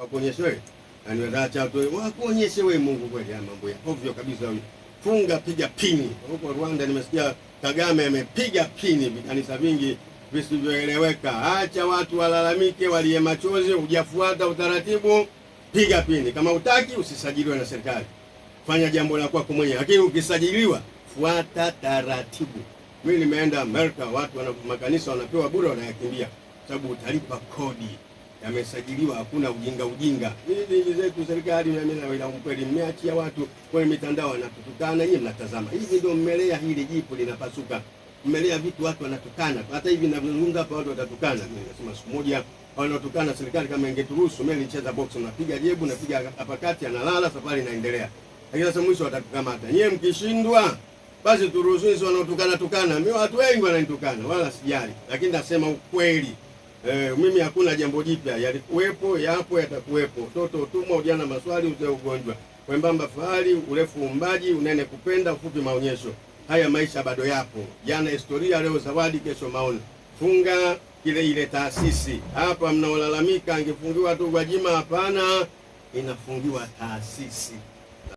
Wakuonyeshe wewe? Aniwataacha tu wakuonyeshe wewe Mungu kweli ya mambo ya ovyo kabisa wewe. Funga piga pini. Huko Rwanda nimesikia Kagame amepiga pini vikanisa vingi visivyoeleweka. Acha watu walalamike, walie machozi, hujafuata utaratibu, piga pini. Kama utaki usisajiliwe na serikali. Fanya jambo la kwako mwenyewe. Lakini ukisajiliwa fuata taratibu. Mimi nimeenda Amerika, watu wana makanisa wanapewa bure wanayakimbia sababu utalipa kodi yamesajiliwa, hakuna ujinga ujinga. Hizi zetu serikali kweli, mmeachia watu kwenye mitandao wanatutukana, yeye mnatazama hivi, ndio mmelea hili jipu linapasuka, mmelea vitu, watu wanatukana. Hata hivi ninavyozungumza hapa watu watatukana. Nasema siku moja wanatukana serikali, kama ingeturuhusu mimi nilicheza box, napiga jebu, napiga hapa kati, analala, safari inaendelea. Lakini sasa mwisho watatukamata. Nyewe mkishindwa basi turuhusu wanaotukana tukana. Mimi watu wengi wananitukana, wala sijali, lakini nasema ukweli. Eh, mimi hakuna jambo jipya, yalikuwepo, yapo, yatakuwepo. Toto utumwa, ujana maswali, uzee ugonjwa, wembamba fahari, urefu umbaji unene kupenda, ufupi maonyesho. Haya maisha bado yapo, jana historia, leo zawadi, kesho maono. Funga kile ile taasisi hapa, mnaolalamika angefungiwa tu Gwajima. Hapana, inafungiwa taasisi.